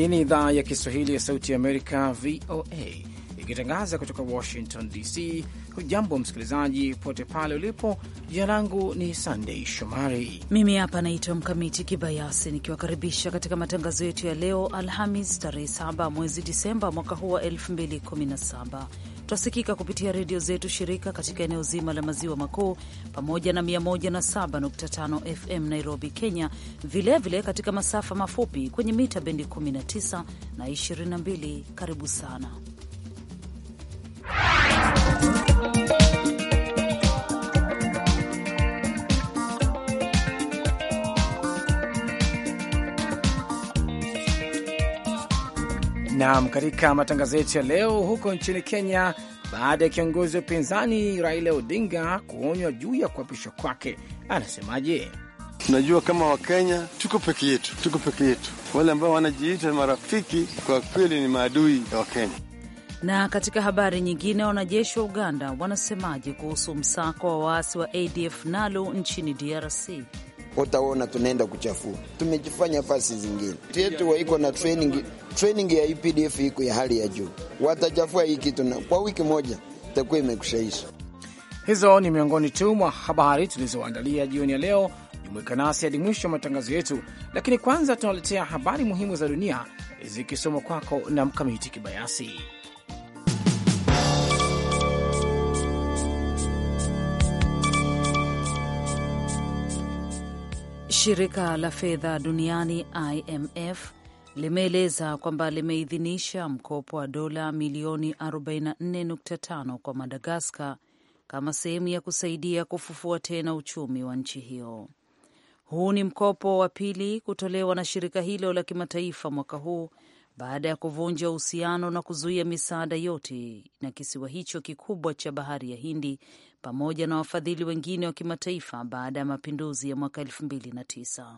Hii ni idhaa ya Kiswahili ya Sauti ya Amerika, VOA, ikitangaza kutoka Washington DC. Hujambo msikilizaji pote pale ulipo. Jina langu ni Sandei Shomari, mimi hapa naitwa Mkamiti Kibayasi, nikiwakaribisha katika matangazo yetu ya leo Alhamis tarehe 7 mwezi Disemba mwaka huu wa 2017 Twasikika kupitia redio zetu shirika katika eneo zima la maziwa makuu pamoja na 107.5 FM Nairobi, Kenya, vilevile vile katika masafa mafupi kwenye mita bendi 19 na 22. Karibu sana Naam, katika matangazo yetu ya leo, huko nchini Kenya, baada ya kiongozi wa upinzani Raila Odinga kuonywa juu ya kuapishwa kwake, anasemaje? Tunajua kama Wakenya tuko peke yetu, tuko peke yetu. Wale ambao wanajiita marafiki kwa kweli ni maadui ya Wakenya. Na katika habari nyingine, wanajeshi wa Uganda wanasemaje kuhusu msako wa waasi wa ADF NALU nchini DRC? utaona tunaenda kuchafua. Tumejifanya fasi zingine yetu waiko na training, training ya UPDF e iko ya hali ya juu, watachafua hii kitu na kwa wiki moja itakuwa imekushaisha. Hizo ni miongoni tu mwa habari tulizoandalia jioni ya leo. Jumuika nasi hadi mwisho wa matangazo yetu, lakini kwanza tunaletea habari muhimu za dunia zikisomwa kwako na Mkamiti Kibayasi. Shirika la fedha duniani IMF limeeleza kwamba limeidhinisha mkopo wa dola milioni 44.5 kwa Madagaskar kama sehemu ya kusaidia kufufua tena uchumi wa nchi hiyo. Huu ni mkopo wa pili kutolewa na shirika hilo la kimataifa mwaka huu baada ya kuvunja uhusiano na kuzuia misaada yote na kisiwa hicho kikubwa cha bahari ya Hindi pamoja na wafadhili wengine wa kimataifa baada ya mapinduzi ya mwaka 29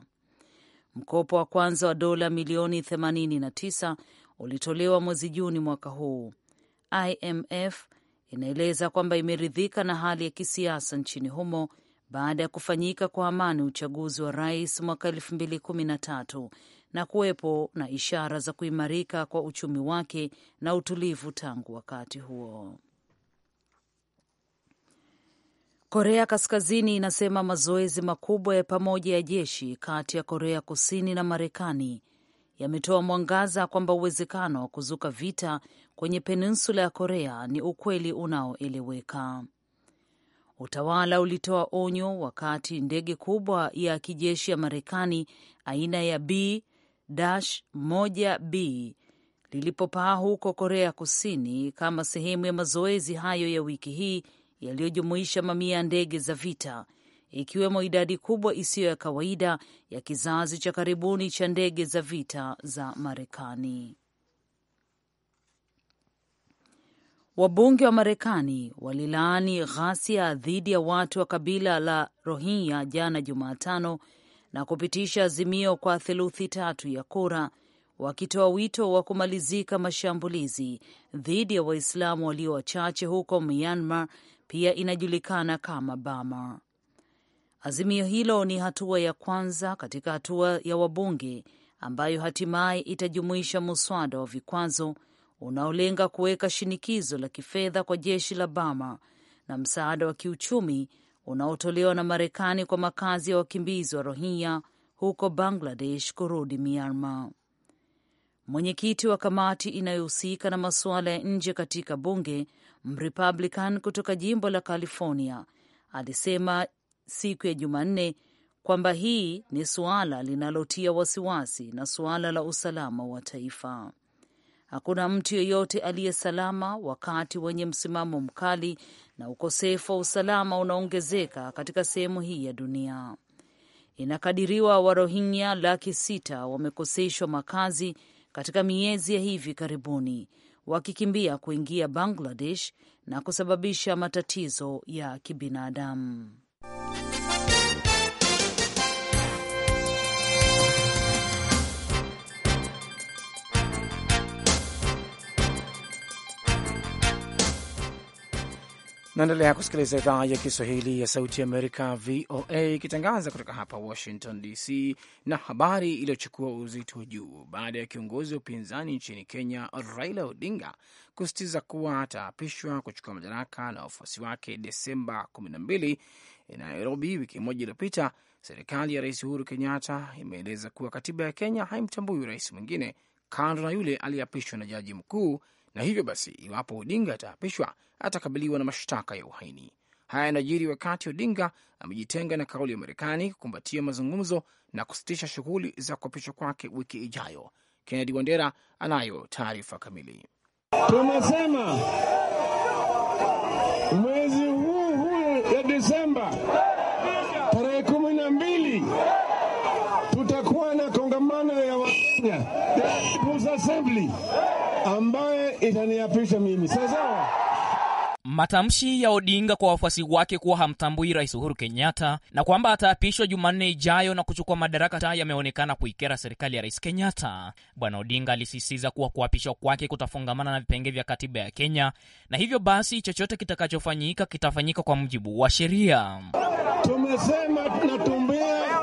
Mkopo wa kwanza wa dola milioni 89 ulitolewa mwezi Juni mwaka huu. IMF inaeleza kwamba imeridhika na hali ya kisiasa nchini humo baada ya kufanyika kwa amani uchaguzi wa rais mwaka 213 na kuwepo na ishara za kuimarika kwa uchumi wake na utulivu tangu wakati huo. Korea Kaskazini inasema mazoezi makubwa ya pamoja ya jeshi kati ya Korea Kusini na Marekani yametoa mwangaza kwamba uwezekano wa kuzuka vita kwenye peninsula ya Korea ni ukweli unaoeleweka. Utawala ulitoa onyo wakati ndege kubwa ya kijeshi ya Marekani aina ya B-1B lilipopaa huko Korea Kusini kama sehemu ya mazoezi hayo ya wiki hii yaliyojumuisha mamia ya ndege za vita, ikiwemo idadi kubwa isiyo ya kawaida ya kizazi cha karibuni cha ndege za vita za Marekani. Wabunge wa Marekani walilaani ghasia dhidi ya watu wa kabila la Rohingya jana Jumatano na kupitisha azimio kwa theluthi tatu ya kura, wakitoa wito wa kumalizika mashambulizi dhidi ya Waislamu walio wachache huko Myanmar pia inajulikana kama Bama. Azimio hilo ni hatua ya kwanza katika hatua ya wabunge ambayo hatimaye itajumuisha muswada wa vikwazo unaolenga kuweka shinikizo la kifedha kwa jeshi la Bama na msaada wa kiuchumi unaotolewa na Marekani kwa makazi ya wakimbizi wa Rohingya huko Bangladesh kurudi Myanmar. Mwenyekiti wa kamati inayohusika na masuala ya nje katika bunge, Mrepublican kutoka jimbo la California, alisema siku ya Jumanne kwamba hii ni suala linalotia wasiwasi na suala la usalama wa taifa. Hakuna mtu yeyote aliye salama wakati wenye msimamo mkali na ukosefu wa usalama unaongezeka katika sehemu hii ya dunia. Inakadiriwa Warohingya laki sita wamekoseshwa makazi katika miezi ya hivi karibuni wakikimbia kuingia Bangladesh na kusababisha matatizo ya kibinadamu. Naendelea kusikiliza idhaa ya Kiswahili ya Sauti ya Amerika, VOA, ikitangaza kutoka hapa Washington DC. Na habari iliyochukua uzito wa juu baada ya kiongozi wa upinzani nchini Kenya, Raila Odinga, kusisitiza kuwa ataapishwa kuchukua madaraka na wafuasi wake Desemba 12 na e, Nairobi wiki moja iliyopita, serikali ya Rais Uhuru Kenyatta imeeleza kuwa katiba ya Kenya haimtambui rais mwingine kando na yule aliyeapishwa na jaji mkuu na hivyo basi, iwapo Odinga ataapishwa atakabiliwa na mashtaka ya uhaini. Haya yanajiri wakati Odinga amejitenga na kauli ya Marekani kukumbatia mazungumzo na kusitisha shughuli za kuapishwa kwake wiki ijayo. Kennedy Wandera anayo taarifa kamili. Tumesema mwezi huu huu ya Desemba itaniapisha mimi sawasawa. Matamshi ya Odinga kwa wafuasi wake kuwa hamtambui Rais Uhuru Kenyatta na kwamba ataapishwa Jumanne ijayo na kuchukua madaraka yameonekana kuikera serikali ya Rais Kenyatta. Bwana Odinga alisisitiza kuwa kuapishwa kwake kutafungamana na vipenge vya katiba ya Kenya na hivyo basi chochote kitakachofanyika kitafanyika kwa mujibu wa sheria. Tumesema natumbia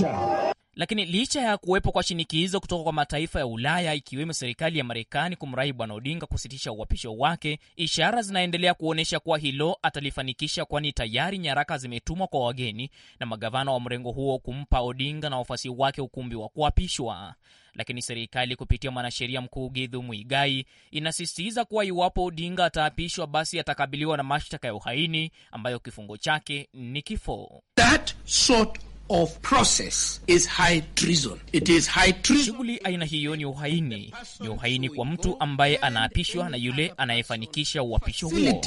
vita. Lakini licha ya kuwepo kwa shinikizo kutoka kwa mataifa ya Ulaya ikiwemo serikali ya Marekani kumrahi Bwana Odinga kusitisha uhapisho wake, ishara zinaendelea kuonyesha kuwa hilo atalifanikisha, kwani tayari nyaraka zimetumwa kwa wageni na magavana wa mrengo huo kumpa Odinga na wafuasi wake ukumbi wa kuapishwa. Lakini serikali kupitia mwanasheria mkuu Githu Muigai inasisitiza kuwa iwapo Odinga ataapishwa, basi atakabiliwa na mashtaka ya uhaini ambayo kifungo chake ni kifo. That sort of process is high treason. It is high treason. Shughuli aina hiyo ni uhaini, ni uhaini kwa mtu ambaye anaapishwa na yule anayefanikisha uapisho huo.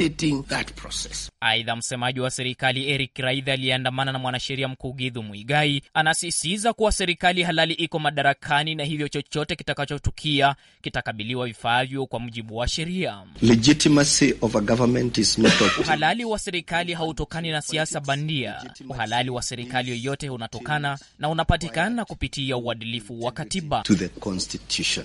Aidha, msemaji wa serikali Eric raidh aliyeandamana na mwanasheria mkuu Githu Muigai anasisitiza kuwa serikali halali iko madarakani na hivyo chochote kitakachotukia kitakabiliwa vifaavyo kwa mujibu wa sheria. Uhalali wa serikali hautokani na siasa bandia. Uhalali wa serikali yoyote unatokana na unapatikana kupitia uadilifu wa katiba.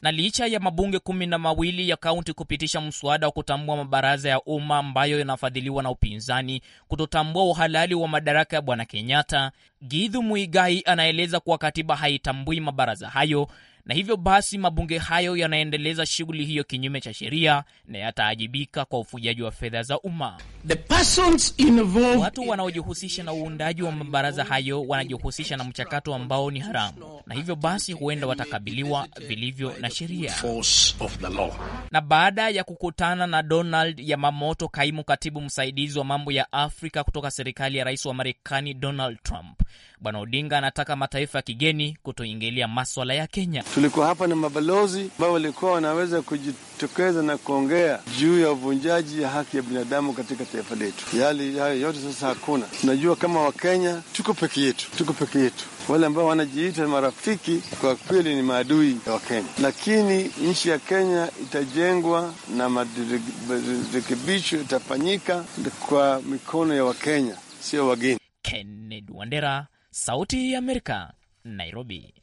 Na licha ya mabunge kumi na mawili ya kaunti kupitisha mswada wa kutambua mabaraza ya umma ambayo yanafadhiliwa na upinzani kutotambua uhalali wa madaraka ya Bwana Kenyatta, Githu Muigai anaeleza kuwa katiba haitambui mabaraza hayo na hivyo basi mabunge hayo yanaendeleza shughuli hiyo kinyume cha sheria na yataajibika kwa ufujaji wa fedha za umma. watu wanaojihusisha na uundaji wa mabaraza hayo wanajihusisha na mchakato ambao ni haramu, na hivyo basi huenda watakabiliwa vilivyo na sheria. Na baada ya kukutana na Donald Yamamoto, kaimu katibu msaidizi wa mambo ya Afrika kutoka serikali ya rais wa Marekani Donald Trump, Bwana Odinga anataka mataifa ya kigeni kutoingilia maswala ya Kenya. Tulikuwa hapa na mabalozi ambao walikuwa wanaweza kujitokeza na kuongea juu ya uvunjaji ya haki ya binadamu katika taifa letu. Yali hayo yote sasa hakuna. Tunajua kama Wakenya tuko peke yetu, tuko peke yetu. Wale ambao wanajiita marafiki kwa kweli ni maadui ya wakenya lakini nchi ya Kenya itajengwa na marekebisho itafanyika kwa mikono ya Wakenya, sio wageni. Kennedy Wandera, Sauti ya Amerika, Nairobi.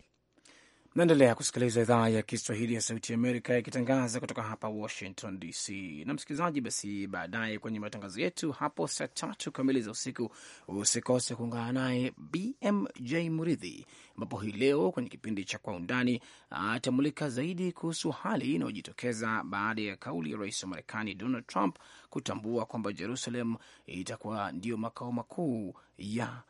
Naendelea kusikiliza idhaa ya Kiswahili ya Sauti ya Amerika ikitangaza kutoka hapa Washington DC. Na msikilizaji, basi baadaye kwenye matangazo yetu hapo saa tatu kamili za usiku, usikose kuungana naye BMJ Muridhi, ambapo hii leo kwenye kipindi cha Kwa Undani atamulika zaidi kuhusu hali inayojitokeza baada ya kauli ya rais wa Marekani Donald Trump kutambua kwamba Jerusalem itakuwa ndiyo makao makuu ya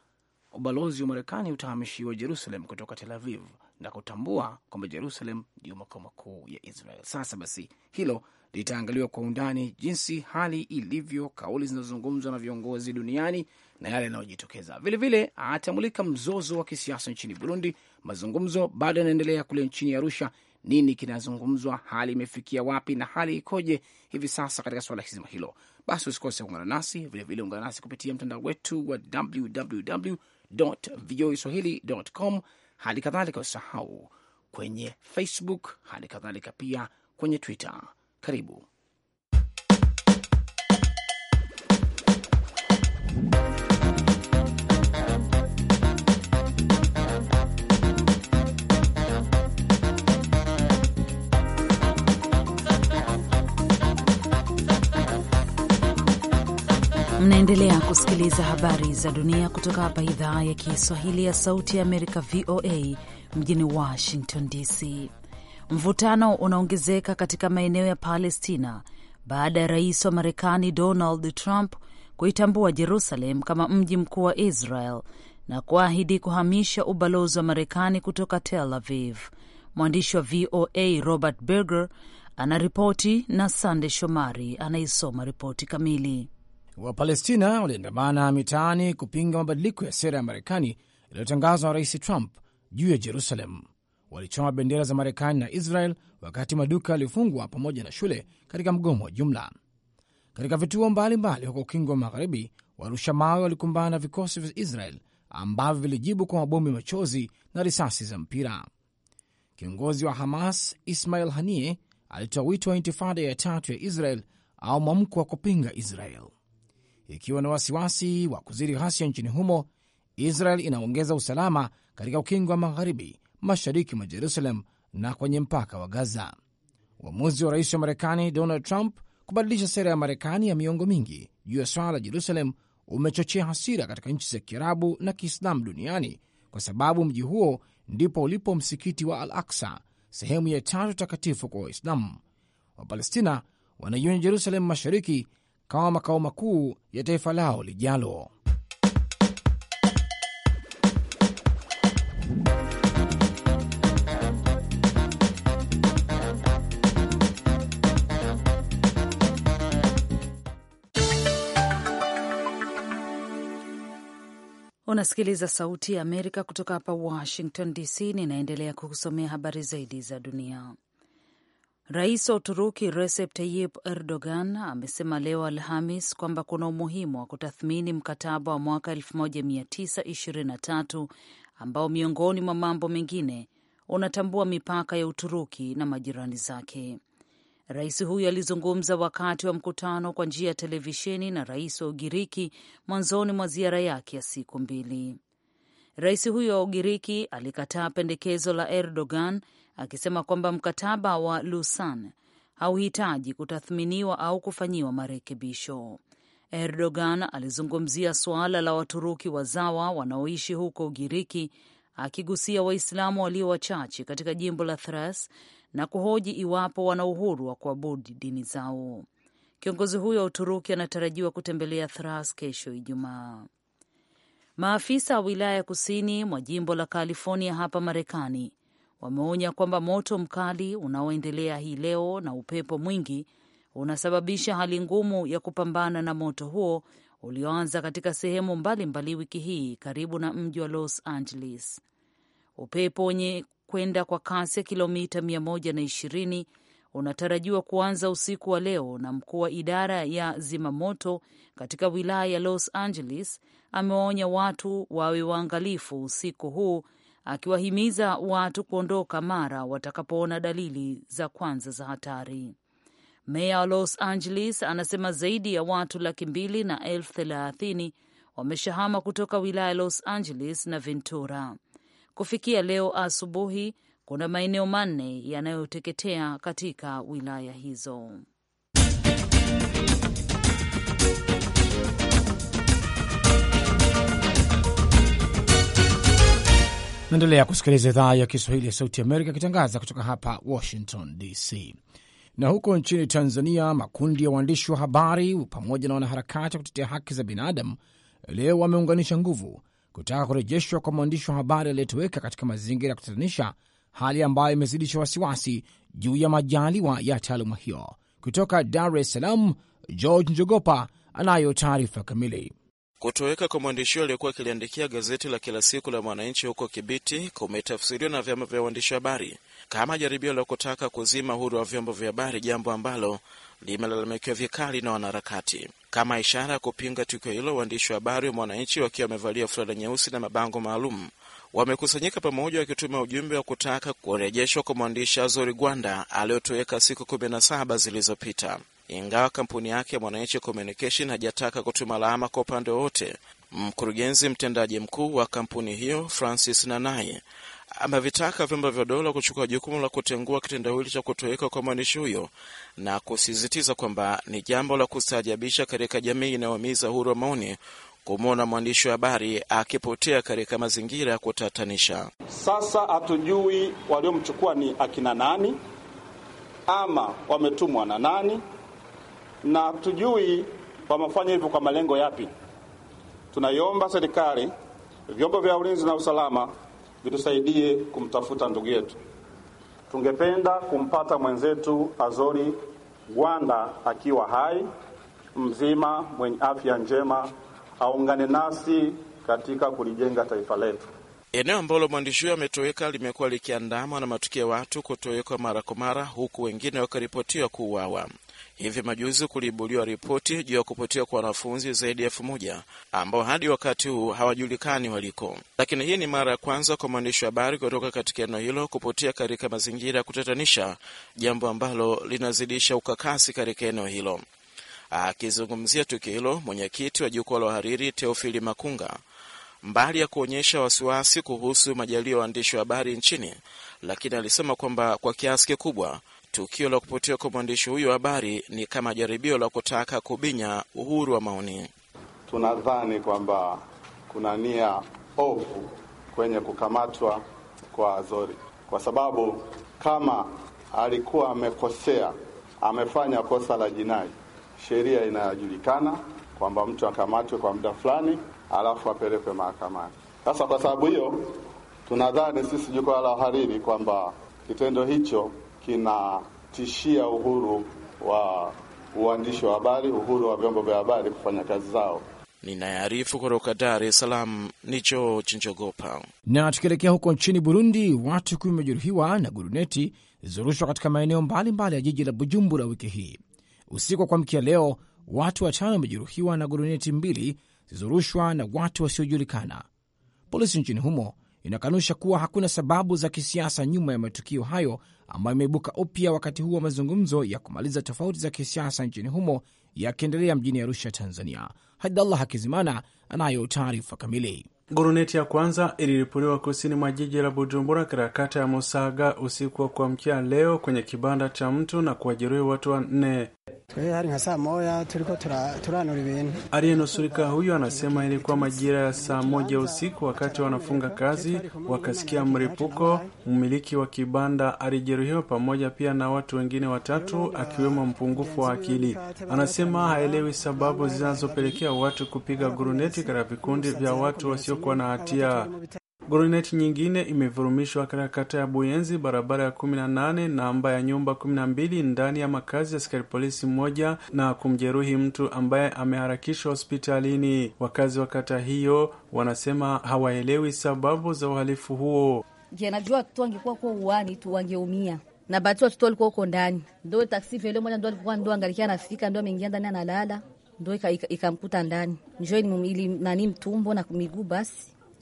ubalozi wa Marekani utahamishiwa Jerusalem kutoka Tel Aviv na kutambua kwamba Jerusalem ndio makao makuu ya Israel. Sasa basi, hilo litaangaliwa kwa undani, jinsi hali ilivyo, kauli zinazozungumzwa na viongozi duniani na yale yanayojitokeza. Vilevile atamulika mzozo wa kisiasa nchini Burundi. Mazungumzo bado yanaendelea kule nchini Arusha. Nini kinazungumzwa? Hali imefikia wapi na hali ikoje hivi sasa katika suala zima hilo? Basi usikose kuungana nasi vilevile, ungana nasi kupitia mtandao wetu wa www voaswahili.com, hali kadhalika usahau kwenye Facebook, hali kadhalika pia kwenye Twitter. Karibu. Mnaendelea kusikiliza habari za dunia kutoka hapa idhaa ya Kiswahili ya Sauti ya Amerika, VOA mjini Washington DC. Mvutano unaongezeka katika maeneo ya Palestina baada ya rais wa Marekani Donald Trump kuitambua Jerusalem kama mji mkuu wa Israel na kuahidi kuhamisha ubalozi wa Marekani kutoka Tel Aviv. Mwandishi wa VOA Robert Berger anaripoti na Sande Shomari anaisoma ripoti kamili. Wapalestina waliandamana mitaani kupinga mabadiliko ya sera ya Marekani yaliyotangazwa na Rais Trump juu ya Jerusalem. Walichoma bendera za Marekani na Israel wakati maduka yalifungwa pamoja na shule katika mgomo wa jumla. Katika vituo mbalimbali huko Ukingo wa Magharibi, warusha mawe walikumbana na vikosi vya Israel ambavyo vilijibu kwa mabomu ya machozi na risasi za mpira. Kiongozi wa Hamas Ismail Haniyeh alitoa wito wa intifada ya tatu ya Israel au mwamko wa kupinga Israel ikiwa na wasiwasi wa kuzidi ghasia nchini humo. Israel inaongeza usalama katika ukingo wa magharibi, mashariki mwa Jerusalem na kwenye mpaka wa Gaza. Uamuzi wa rais wa Marekani Donald Trump kubadilisha sera ya Marekani ya miongo mingi juu ya swala la Jerusalem umechochea hasira katika nchi za Kiarabu na Kiislamu duniani kwa sababu mji huo ndipo ulipo msikiti wa Al Aksa, sehemu ya tatu takatifu kwa Waislamu. Wapalestina wanaionya Jerusalem mashariki kama makao makuu ya taifa lao lijalo. Unasikiliza Sauti ya Amerika kutoka hapa Washington DC. Ninaendelea kukusomea habari zaidi za dunia. Rais wa Uturuki Recep Tayyip Erdogan amesema leo Alhamis kwamba kuna umuhimu wa kutathmini mkataba wa mwaka 1923 ambao miongoni mwa mambo mengine unatambua mipaka ya Uturuki na majirani zake. Rais huyo alizungumza wakati wa mkutano kwa njia ya televisheni na rais wa Ugiriki mwanzoni mwa ziara yake ya siku mbili. Rais huyo wa Ugiriki alikataa pendekezo la Erdogan akisema kwamba mkataba wa Lausanne hauhitaji kutathminiwa au kufanyiwa marekebisho. Erdogan alizungumzia suala la Waturuki wazawa wanaoishi huko Ugiriki, akigusia Waislamu walio wachache katika jimbo la Thrace na kuhoji iwapo wana uhuru wa kuabudi dini zao. Kiongozi huyo wa Uturuki anatarajiwa kutembelea thras kesho Ijumaa. Maafisa wa wilaya ya kusini mwa jimbo la California hapa Marekani wameonya kwamba moto mkali unaoendelea hii leo na upepo mwingi unasababisha hali ngumu ya kupambana na moto huo ulioanza katika sehemu mbalimbali mbali wiki hii karibu na mji wa Los Angeles. Upepo wenye kwenda kwa kasi ya kilomita 120 unatarajiwa kuanza usiku wa leo, na mkuu wa idara ya zimamoto katika wilaya ya Los Angeles amewaonya watu wawe waangalifu usiku huu akiwahimiza watu kuondoka mara watakapoona dalili za kwanza za hatari. Meya wa Los Angeles anasema zaidi ya watu laki mbili na elfu thelathini wameshahama kutoka wilaya Los Angeles na Ventura. Kufikia leo asubuhi, kuna maeneo manne yanayoteketea katika wilaya hizo. Naendelea kusikiliza idhaa ya Kiswahili ya Sauti Amerika ikitangaza kutoka hapa Washington DC. Na huko nchini Tanzania, makundi ya waandishi wa habari pamoja na wanaharakati wa kutetea haki za binadamu leo wameunganisha nguvu kutaka kurejeshwa kwa mwandishi wa habari aliyetoweka katika mazingira ya kutatanisha, hali ambayo imezidisha wasiwasi juu ya majaliwa ya taaluma hiyo. Kutoka Dar es Salaam, George Njogopa anayo taarifa kamili. Kutoweka kwa mwandishi aliyekuwa akiliandikia gazeti la kila siku la Mwananchi huko Kibiti kumetafsiriwa na vyama vya waandishi habari kama jaribio la kutaka kuzima uhuru wa vyombo vya habari, jambo ambalo limelalamikiwa vikali na wanaharakati. Kama ishara ya kupinga tukio hilo, waandishi wa habari wa Mwananchi wakiwa wamevalia fulana nyeusi na mabango maalum wamekusanyika pamoja wakituma ujumbe wa kutaka kurejeshwa kwa mwandishi Azori Gwanda aliyotoweka siku 17 zilizopita ingawa kampuni yake ya Mwananchi Communication hajataka kutuma lawama kwa upande wowote. Mkurugenzi mtendaji mkuu wa kampuni hiyo Francis Nanai amevitaka vyombo vya dola kuchukua jukumu la kutengua kitendo hili cha kutoweka kwa mwandishi huyo na kusisitiza kwamba ni jambo la kustaajabisha katika jamii inayohimiza uhuru wa maoni kumwona mwandishi wa habari akipotea katika mazingira ya kutatanisha. Sasa hatujui waliomchukua ni akina nani ama wametumwa na nani na hatujui wamefanya hivyo kwa malengo yapi. Tunaiomba serikali, vyombo vya ulinzi na usalama vitusaidie kumtafuta ndugu yetu. Tungependa kumpata mwenzetu Azori Gwanda akiwa hai, mzima, mwenye afya njema, aungane nasi katika kulijenga taifa letu. Eneo ambalo mwandishi huyo ametoweka limekuwa likiandamwa na matukio ya watu kutowekwa mara kwa mara, huku wengine wakiripotiwa kuuawa. Hivi majuzi kuliibuliwa ripoti juu ya kupotea kwa wanafunzi zaidi ya elfu moja ambao hadi wakati huu hawajulikani waliko, lakini hii ni mara ya kwanza kwa mwandishi wa habari kutoka katika eneo hilo kupotea katika mazingira ya kutatanisha, jambo ambalo linazidisha ukakasi katika eneo hilo. Akizungumzia tukio hilo, mwenyekiti wa jukwaa la wahariri Teofili Makunga mbali ya kuonyesha wasiwasi kuhusu majalio ya waandishi wa habari nchini, lakini alisema kwamba kwa kiasi kikubwa tukio la kupotea kwa mwandishi huyo wa habari ni kama jaribio la kutaka kubinya uhuru wa maoni. Tunadhani kwamba kuna nia ovu kwenye kukamatwa kwa Azori, kwa sababu kama alikuwa amekosea, amefanya kosa la jinai, sheria inayojulikana kwamba mtu akamatwe kwa muda fulani alafu apelekwe mahakamani. Sasa kwa sababu hiyo, tunadhani sisi jukwaa la wahariri kwamba kitendo hicho kinatishia uhuru wa uandishi wa habari, uhuru wa vyombo vya habari kufanya kazi zao. Ninayarifu kutoka Dar es Salaam ni George Njogopa. Na tukielekea huko nchini Burundi, watu kumi wamejeruhiwa na guruneti zilizorushwa katika maeneo mbalimbali ya jiji la Bujumbura wiki hii. Usiku wa kuamkia leo, watu watano wamejeruhiwa na guruneti mbili zilizorushwa na watu wasiojulikana. Polisi nchini humo inakanusha kuwa hakuna sababu za kisiasa nyuma ya matukio hayo ambayo imeibuka upya wakati huu wa mazungumzo ya kumaliza tofauti za kisiasa nchini humo yakiendelea mjini Arusha, Tanzania. Haidallah Hakizimana anayo taarifa kamili. Guruneti ya kwanza iliripuliwa kusini mwa jiji la Bujumbura katika kata ya Musaga usiku wa kuamkia leo kwenye kibanda cha mtu na kuwajeruhi watu wanne. Eh, Aliyenusurika huyo anasema ilikuwa majira ya saa moja usiku, wakati wanafunga kazi wakasikia mripuko. Mmiliki wa kibanda alijeruhiwa pamoja pia na watu wengine watatu, akiwemo mpungufu wa akili. Anasema haelewi sababu zinazopelekea watu kupiga guruneti katika vikundi vya watu wasio kuwa na hatia. Goroneti nyingine imevurumishwa katika kata ya Buyenzi, barabara ya 18 namba ya nyumba 12 ndani ya makazi ya askari polisi mmoja na kumjeruhi mtu ambaye ameharakishwa hospitalini. Wakazi wa kata hiyo wanasema hawaelewi sababu za uhalifu huo. Je, najua tu angekuwa kwa uani tu wangeumia na bahati watoto walikuwa huko ndani, ndo taksi vile moja ndo alikuwa ndo angalikia anafika ndo ameingia ndani analala ndo ikamkuta ndani, njo ili nani mtumbo na miguu basi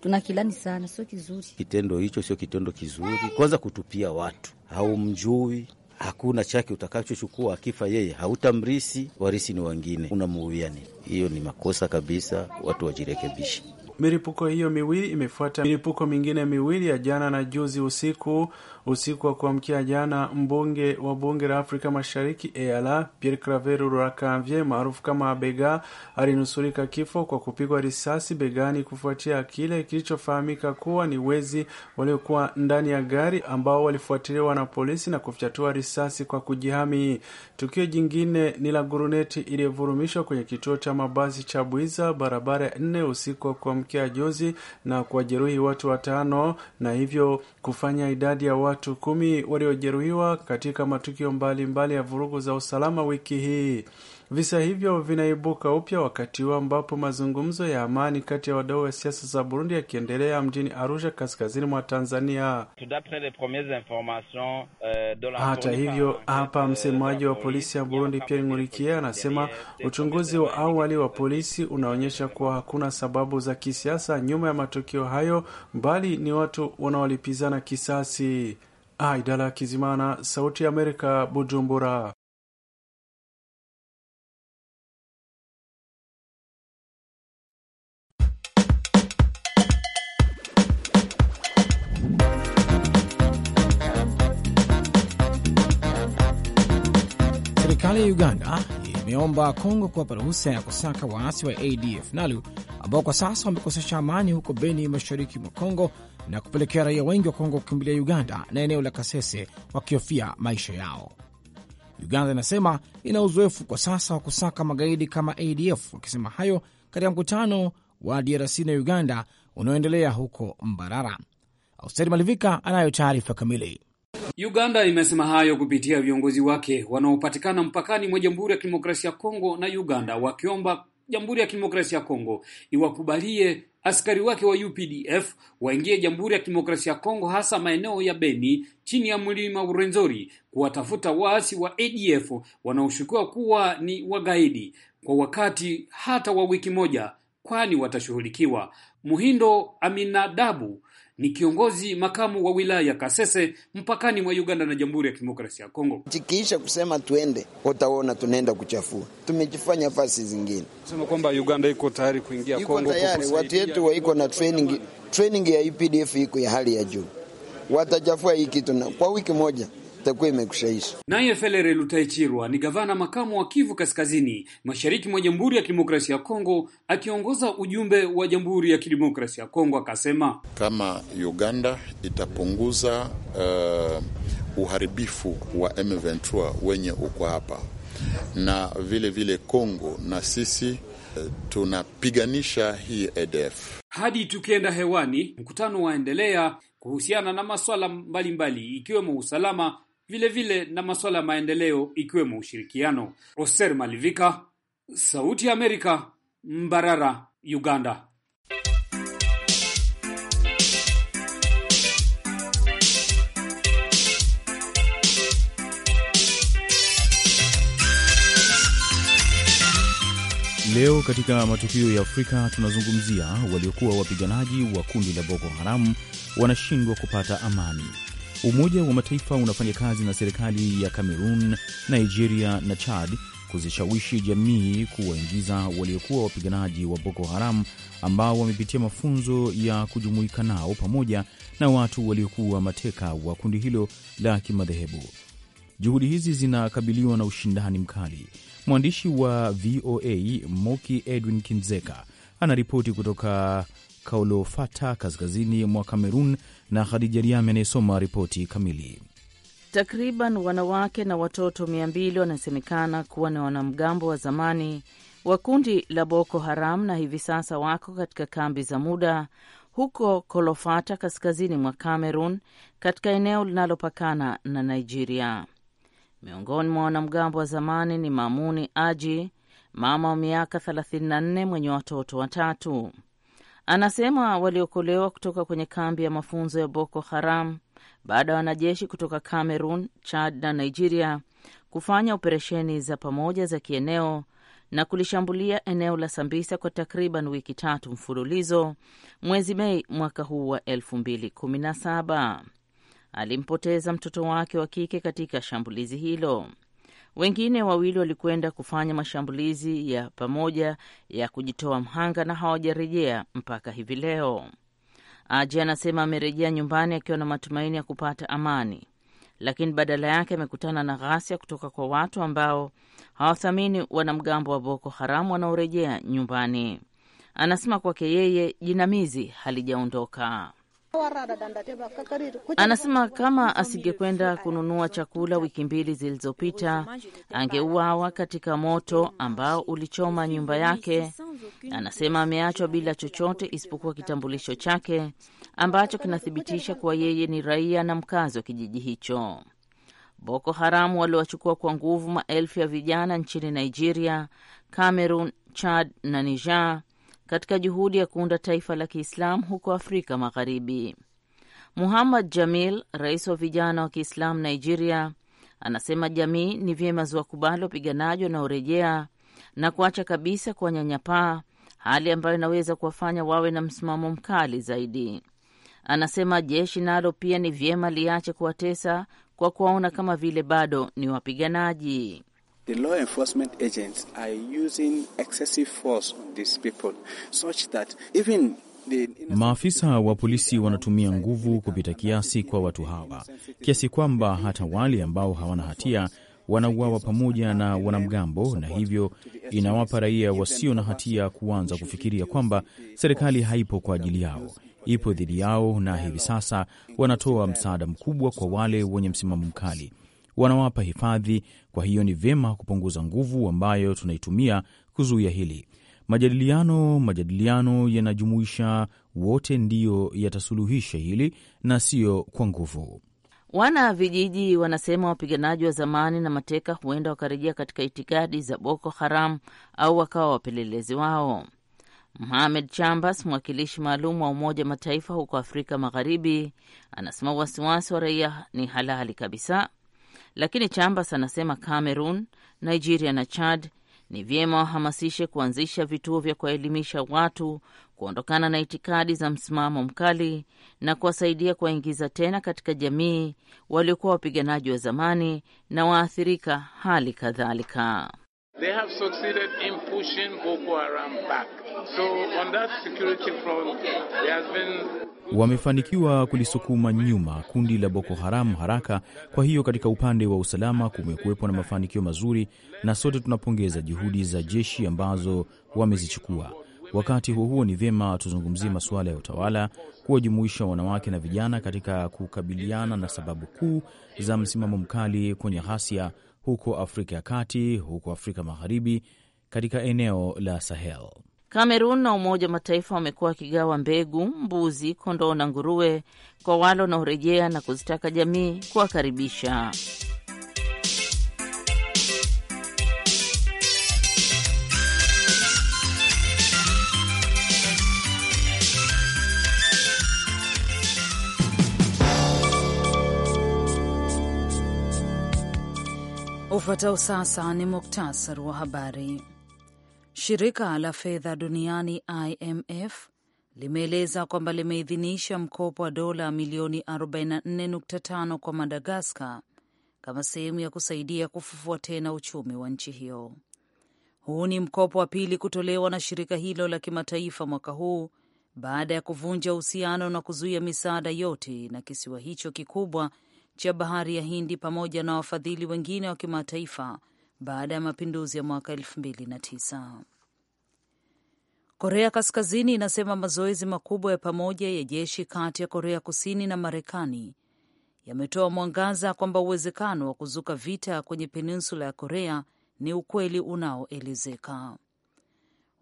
tuna kilani sana, sio kizuri kitendo hicho, sio kitendo kizuri. Kwanza kutupia watu, au mjui hakuna chake utakachochukua. Akifa yeye hautamrisi, warisi ni wengine, unamuuia nini? Hiyo ni makosa kabisa, watu wajirekebishe. Milipuko hiyo miwili imefuata milipuko mingine miwili ya jana na juzi usiku. Usiku wa kuamkia jana, mbunge wa bunge la Afrika Mashariki EALA Pierre Claver Rurakanvie maarufu kama Bega alinusurika kifo kwa kupigwa risasi begani kufuatia kile kilichofahamika kuwa ni wezi waliokuwa ndani ya gari ambao walifuatiliwa na polisi na kufyatua risasi kwa kujihami. Tukio jingine ni la guruneti iliyovurumishwa kwenye kituo cha mabasi cha Bwiza, barabara ya nne usiku wa mwanamke juzi na kuwajeruhi watu watano na hivyo kufanya idadi ya watu kumi waliojeruhiwa katika matukio mbalimbali mbali ya vurugu za usalama wiki hii. Visa hivyo vinaibuka upya wakati huu ambapo mazungumzo ya amani kati ya wadau wa siasa za Burundi yakiendelea mjini Arusha, kaskazini mwa Tanzania. Euh, Hata hivyo, hapa euh, msemaji wa polisi ya Burundi pia Ngurikie anasema uchunguzi wa awali wa polisi unaonyesha kuwa hakuna sababu za kisiasa nyuma ya matukio hayo, bali ni watu wanaolipizana kisasi. Aidala Kizimana, Sauti ya Amerika, Bujumbura. Serikali ya Uganda imeomba Kongo kuwapa ruhusa ya kusaka waasi wa ADF NALU ambao kwa sasa wamekosesha amani huko Beni, mashariki mwa Kongo, na kupelekea raia wengi wa Kongo kukimbilia Uganda na eneo la Kasese wakihofia maisha yao. Uganda inasema ina uzoefu kwa sasa wa kusaka magaidi kama ADF, wakisema hayo katika mkutano wa DRC na Uganda unaoendelea huko Mbarara. Austeri Malivika anayo taarifa kamili. Uganda imesema hayo kupitia viongozi wake wanaopatikana mpakani mwa Jamhuri ya Kidemokrasia ya Kongo na Uganda, wakiomba Jamhuri ya Kidemokrasia ya Kongo iwakubalie askari wake wa UPDF waingie Jamhuri ya Kidemokrasia ya Kongo, hasa maeneo ya Beni chini ya mlima Urenzori kuwatafuta waasi wa ADF wanaoshukiwa kuwa ni wagaidi kwa wakati hata wa wiki moja, kwani watashughulikiwa. Muhindo Aminadabu ni kiongozi makamu wa wilaya Kasese mpakani mwa Uganda na Jamhuri ya Kidemokrasia ya Kongo. Tikiisha kusema tuende, utaona tunaenda kuchafua. Tumejifanya fasi zingine sema kwamba Uganda iko tayari kuingia Kongo, tayari. Watu wetu waiko na training, training ya UPDF e iko ya hali ya juu, watachafua hii kitu kwa wiki moja itakuwa imekushaisha. Naye Felere Lutaichirwa ni gavana makamu wa Kivu Kaskazini, mashariki mwa Jamhuri ya Kidemokrasia ya Kongo, akiongoza ujumbe wa Jamhuri ya Kidemokrasia ya Kongo, akasema kama Uganda itapunguza uh, uharibifu wa M23 wenye uko hapa na vile vile Kongo na sisi uh, tunapiganisha hii ADF e hadi tukienda hewani. Mkutano waendelea kuhusiana na masuala mbalimbali ikiwemo usalama vilevile vile na masuala ya maendeleo ikiwemo ushirikiano. Oser Malivika, Sauti ya Amerika, Mbarara, Uganda. Leo katika matukio ya Afrika tunazungumzia waliokuwa wapiganaji wa kundi la Boko Haramu wanashindwa kupata amani. Umoja wa Mataifa unafanya kazi na serikali ya Kamerun, Nigeria na Chad kuzishawishi jamii kuwaingiza waliokuwa wapiganaji wa Boko Haram ambao wamepitia mafunzo ya kujumuika nao pamoja na watu waliokuwa mateka wa kundi hilo la kimadhehebu. Juhudi hizi zinakabiliwa na ushindani mkali. Mwandishi wa VOA Moki Edwin Kinzeka anaripoti kutoka Kaolofata, kaskazini mwa Kamerun, na Khadija Riami anayesoma ripoti kamili. Takriban wanawake na watoto mia wanasemekana kuwa ni wanamgambo wa zamani wa kundi la Boko Haram na hivi sasa wako katika kambi za muda huko Kolofata, kaskazini mwa Cameroon, katika eneo linalopakana na Nigeria. Miongoni mwa wanamgambo wa zamani ni Mamuni Aji, mama wa miaka 34 mwenye watoto watatu. Anasema waliokolewa kutoka kwenye kambi ya mafunzo ya Boko Haram baada ya wanajeshi kutoka Cameroon, Chad na Nigeria kufanya operesheni za pamoja za kieneo na kulishambulia eneo la Sambisa kwa takriban wiki tatu mfululizo mwezi Mei mwaka huu wa 2017. Alimpoteza mtoto wake wa kike katika shambulizi hilo. Wengine wawili walikwenda kufanya mashambulizi ya pamoja ya kujitoa mhanga na hawajarejea mpaka hivi leo. aji anasema amerejea nyumbani akiwa na matumaini ya kupata amani, lakini badala yake amekutana na ghasia kutoka kwa watu ambao hawathamini wanamgambo wa Boko Haram wanaorejea nyumbani. Anasema kwake yeye jinamizi halijaondoka. Anasema kama asingekwenda kununua chakula wiki mbili zilizopita, angeuawa katika moto ambao ulichoma nyumba yake. Anasema ameachwa bila chochote isipokuwa kitambulisho chake ambacho kinathibitisha kuwa yeye ni raia na mkazi wa kijiji hicho. Boko Haramu waliwachukua kwa nguvu maelfu ya vijana nchini Nigeria, Cameroon, Chad na Niger katika juhudi ya kuunda taifa la Kiislamu huko Afrika Magharibi. Muhammad Jamil, rais wa vijana wa Kiislamu Nigeria, anasema jamii ni vyema ziwakubali wapiganaji wanaorejea na kuacha kabisa kuwanyanyapaa, hali ambayo inaweza kuwafanya wawe na msimamo mkali zaidi. Anasema jeshi nalo pia ni vyema liache kuwatesa kwa kuwaona kama vile bado ni wapiganaji. The law enforcement agents are using excessive force on these people such that even Maafisa wa polisi wanatumia nguvu kupita kiasi kwa watu hawa, kiasi kwamba hata wale ambao hawana hatia wanauawa pamoja na wanamgambo, na hivyo inawapa raia wasio na hatia kuanza kufikiria kwamba serikali haipo kwa ajili yao, ipo dhidi yao, na hivi sasa wanatoa msaada mkubwa kwa wale wenye msimamo mkali wanawapa hifadhi. Kwa hiyo ni vyema kupunguza nguvu ambayo tunaitumia kuzuia hili. Majadiliano, majadiliano yanajumuisha wote, ndiyo yatasuluhisha hili na sio kwa nguvu. Wana vijiji wanasema wapiganaji wa zamani na mateka huenda wakarejea katika itikadi za Boko Haram au wakawa wapelelezi wao. Mohamed Chambas, mwakilishi maalum wa Umoja Mataifa huko Afrika Magharibi, anasema wasiwasi wa raia ni halali kabisa, lakini Chambas anasema Cameroon, Nigeria na Chad ni vyema wahamasishe kuanzisha vituo vya kuwaelimisha watu kuondokana na itikadi za msimamo mkali na kuwasaidia kuwaingiza tena katika jamii waliokuwa wapiganaji wa zamani na waathirika hali kadhalika. They have succeeded in pushing Boko Haram back. So on that security front, there has been wamefanikiwa kulisukuma nyuma kundi la Boko Haram haraka. Kwa hiyo katika upande wa usalama kumekuwepo na mafanikio mazuri, na sote tunapongeza juhudi za jeshi ambazo wamezichukua. Wakati huo huo, ni vyema tuzungumzie masuala ya utawala, kuwajumuisha wanawake na vijana katika kukabiliana na sababu kuu za msimamo mkali kwenye ghasia huko Afrika ya Kati, huko Afrika Magharibi, katika eneo la Sahel. Kamerun na Umoja wa Mataifa wamekuwa wakigawa mbegu, mbuzi, kondoo na nguruwe kwa wale wanaorejea na kuzitaka jamii kuwakaribisha. Ufuatao sasa ni muktasar wa habari. Shirika la fedha duniani IMF limeeleza kwamba limeidhinisha mkopo wa dola milioni 44.5 kwa Madagaskar kama sehemu ya kusaidia kufufua tena uchumi wa nchi hiyo. Huu ni mkopo wa pili kutolewa na shirika hilo la kimataifa mwaka huu baada ya kuvunja uhusiano na kuzuia misaada yote na kisiwa hicho kikubwa cha bahari ya Hindi pamoja na wafadhili wengine wa kimataifa baada ya mapinduzi ya mwaka tisa. Korea Kaskazini inasema mazoezi makubwa ya pamoja ya jeshi kati ya Korea Kusini na Marekani yametoa mwangaza kwamba uwezekano wa kuzuka vita kwenye peninsula ya Korea ni ukweli unaoelezeka.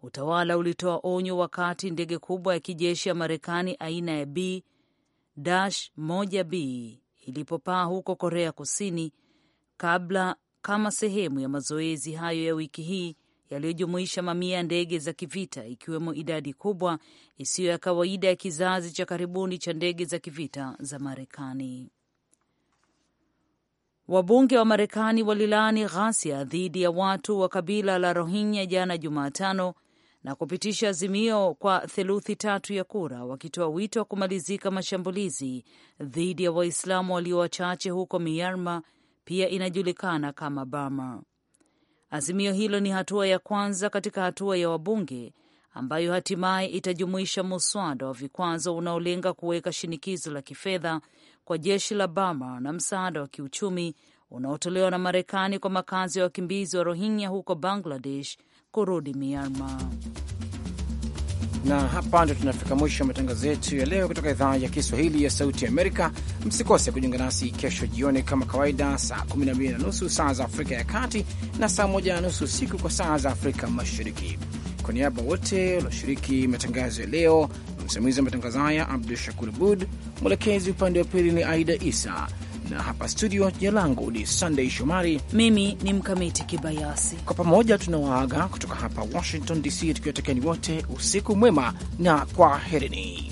Utawala ulitoa onyo wakati ndege kubwa ya kijeshi ya Marekani aina ya B-1B ilipopaa huko Korea Kusini kabla kama sehemu ya mazoezi hayo ya wiki hii yaliyojumuisha mamia ya ndege za kivita ikiwemo idadi kubwa isiyo ya kawaida ya kizazi cha karibuni cha ndege za kivita za Marekani. Wabunge wa Marekani walilaani ghasia dhidi ya watu wa kabila la Rohingya jana Jumatano na kupitisha azimio kwa theluthi tatu ya kura, wakitoa wito wa kumalizika mashambulizi dhidi ya Waislamu walio wachache huko Myanmar, pia inajulikana kama Burma. Azimio hilo ni hatua ya kwanza katika hatua ya wabunge ambayo hatimaye itajumuisha muswada wa vikwazo unaolenga kuweka shinikizo la kifedha kwa jeshi la Burma na msaada wa kiuchumi unaotolewa na Marekani kwa makazi ya wakimbizi wa Rohingya huko Bangladesh kurudi Myanmar. Na hapa ndio tunafika mwisho wa matangazo yetu ya leo kutoka idhaa ya Kiswahili ya Sauti Amerika. Msikose kujiunga nasi kesho jioni kama kawaida, saa 12 na nusu saa za Afrika ya Kati na saa 1 na nusu usiku kwa saa za Afrika Mashariki. Kwa niaba wote walioshiriki matangazo ya leo, msimamizi wa matangazo haya Abdu Shakur Abud, mwelekezi upande wa pili ni Aida Isa na hapa studio, jina langu ni Sunday Shomari, mimi ni Mkamiti Kibayasi. Kwa pamoja tunawaaga kutoka hapa Washington DC, tukiwatakieni wote usiku mwema na kwaherini.